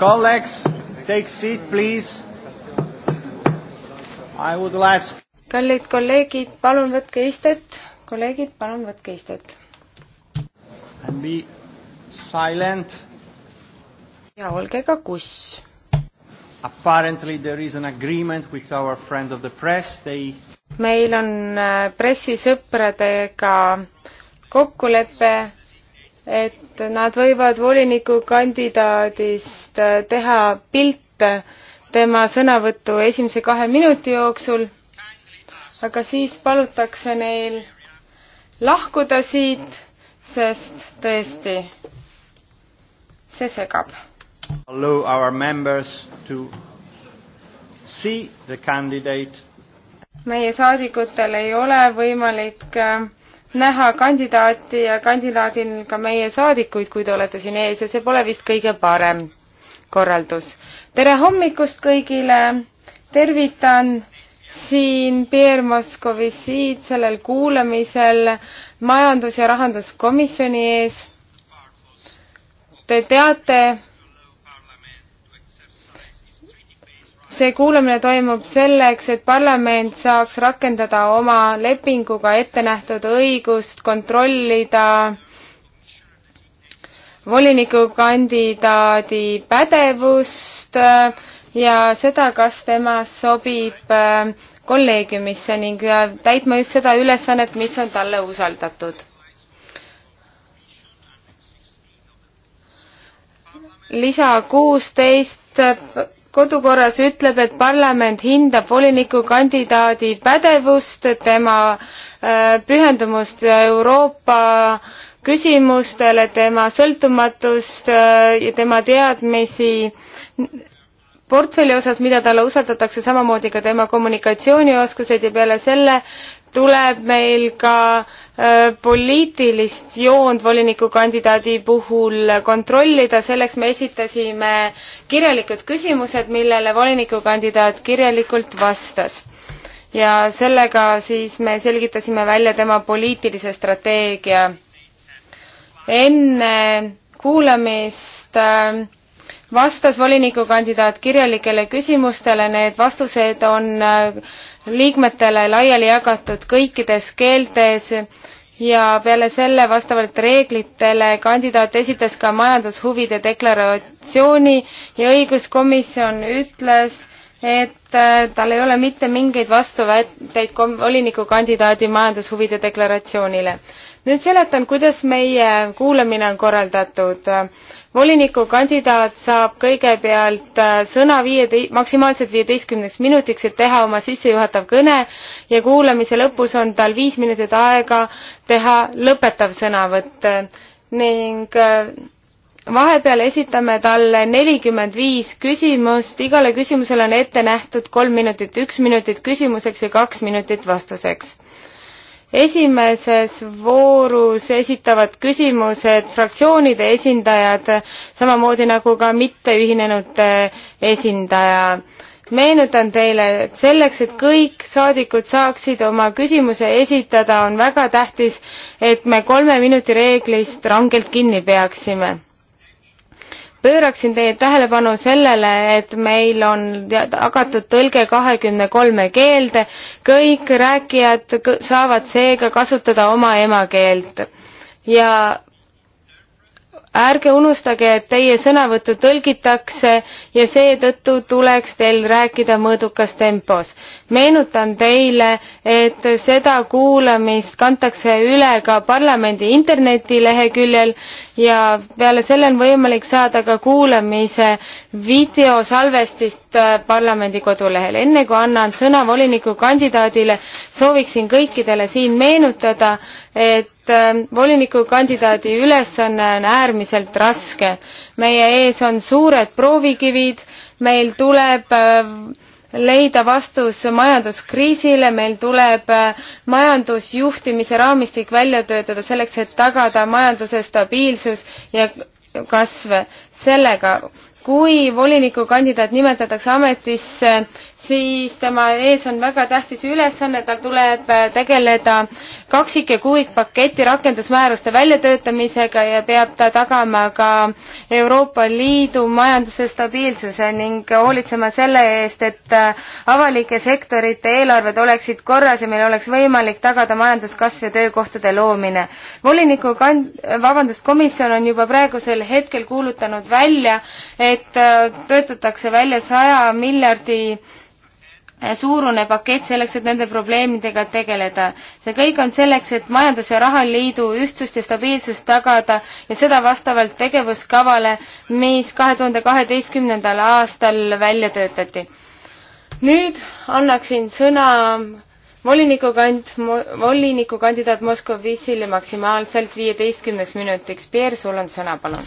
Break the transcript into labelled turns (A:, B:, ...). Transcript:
A: Colleagues, take seat, please. I would ask. kallid kolleegid, palun võtke istet. kolleegid, palun võtke istet. And be silent. ja olge ka kuss. Apparently there is an agreement with our friend of the press, they. meil on äh, pressisõpradega kokkulepe et nad võivad volinikukandidaadist äh, teha pilte tema sõnavõtu esimese kahe minuti jooksul, aga siis palutakse neil lahkuda siit, sest tõesti, see segab. Allow our members to see the candidate. meie saadikutel ei ole võimalik äh, näha kandidaati ja kandidaadil ka meie saadikuid, kui te olete siin ees ja see pole vist kõige parem korraldus. tere hommikust kõigile, tervitan siin Pierre Moskovitšid sellel kuulamisel majandus- ja rahanduskomisjoni ees. Te teate, see kuulamine toimub selleks, et parlament saaks rakendada oma lepinguga ette nähtud õigust kontrollida volinikukandidaadi pädevust äh, ja seda, kas tema sobib äh, kolleegiumisse ning äh, täitma just seda ülesannet, mis on talle usaldatud. lisa kuusteist kodukorras ütleb, et parlament hindab volinikukandidaadi pädevust, tema äh, pühendumust Euroopa küsimustele, tema sõltumatust äh, ja tema teadmisi portfelli osas, mida talle usaldatakse, samamoodi ka tema kommunikatsioonioskused ja peale selle tuleb meil ka äh, poliitilist joont volinikukandidaadi puhul kontrollida, selleks me esitasime kirjalikud küsimused, millele volinikukandidaat kirjalikult vastas. ja sellega siis me selgitasime välja tema poliitilise strateegia. enne kuulamist äh, vastas volinikukandidaat kirjalikele küsimustele, need vastused on äh, liikmetele laiali jagatud kõikides keeltes ja peale selle vastavalt reeglitele kandidaat esitas ka majandushuvide deklaratsiooni ja õiguskomisjon ütles, et äh, tal ei ole mitte mingeid vastuväiteid volinikukandidaadi majandushuvide deklaratsioonile. nüüd seletan, kuidas meie kuulamine on korraldatud. volinikukandidaat saab kõigepealt äh, sõna viie, maksimaalselt viieteistkümneks minutiks, et teha oma sissejuhatav kõne ja kuulamise lõpus on tal viis minutit aega teha lõpetav sõnavõtt ning äh, vahepeal esitame talle nelikümmend viis küsimust, igale küsimusele on ette nähtud kolm minutit, üks minutit küsimuseks ja kaks minutit vastuseks. esimeses voorus esitavad küsimused fraktsioonide esindajad, samamoodi nagu ka mitteühinenute esindaja meenutan teile, et selleks, et kõik saadikud saaksid oma küsimuse esitada, on väga tähtis, et me kolme minuti reeglist rangelt kinni peaksime pööraksin teie tähelepanu sellele, et meil on tagatud tõlge kahekümne kolme keelde, kõik rääkijad saavad seega kasutada oma emakeelt ja ärge unustage, et teie sõnavõttu tõlgitakse ja seetõttu tuleks teil rääkida mõõdukas tempos. meenutan teile, et seda kuulamist kantakse üle ka parlamendi internetileheküljel ja peale selle on võimalik saada ka kuulamise videosalvestist äh, parlamendi kodulehel. enne kui annan sõna volinikukandidaadile, sooviksin kõikidele siin meenutada, et Äh, volinikukandidaadi ülesanne on äärmiselt raske. meie ees on suured proovikivid, meil tuleb äh, leida vastus majanduskriisile, meil tuleb äh, majandusjuhtimise raamistik välja töötada selleks, et tagada majanduse stabiilsus ja kasv. sellega kui volinikukandidaat nimetatakse ametisse, siis tema ees on väga tähtis ülesanne, tal tuleb tegeleda kaksik- ja kuuikpaketi rakendusmääruste väljatöötamisega ja peab ta tagama ka Euroopa Liidu majanduse stabiilsuse ning hoolitsema selle eest, et avalike sektorite eelarved oleksid korras ja meil oleks võimalik tagada majanduskasv ja töökohtade loomine. voliniku kand-, vabandust, komisjon on juba praegusel hetkel kuulutanud välja, et äh, töötatakse välja saja miljardi äh, suurune pakett selleks, et nende probleemidega tegeleda. see kõik on selleks, et majandus- ja rahaliidu ühtsust ja stabiilsust tagada ja seda vastavalt tegevuskavale, mis kahe tuhande kaheteistkümnendal aastal välja töötati. nüüd annaksin sõna volinikukand-, volinikukandidaat Moskovitšile maksimaalselt viieteistkümneks minutiks. Peer, sul on sõna, palun.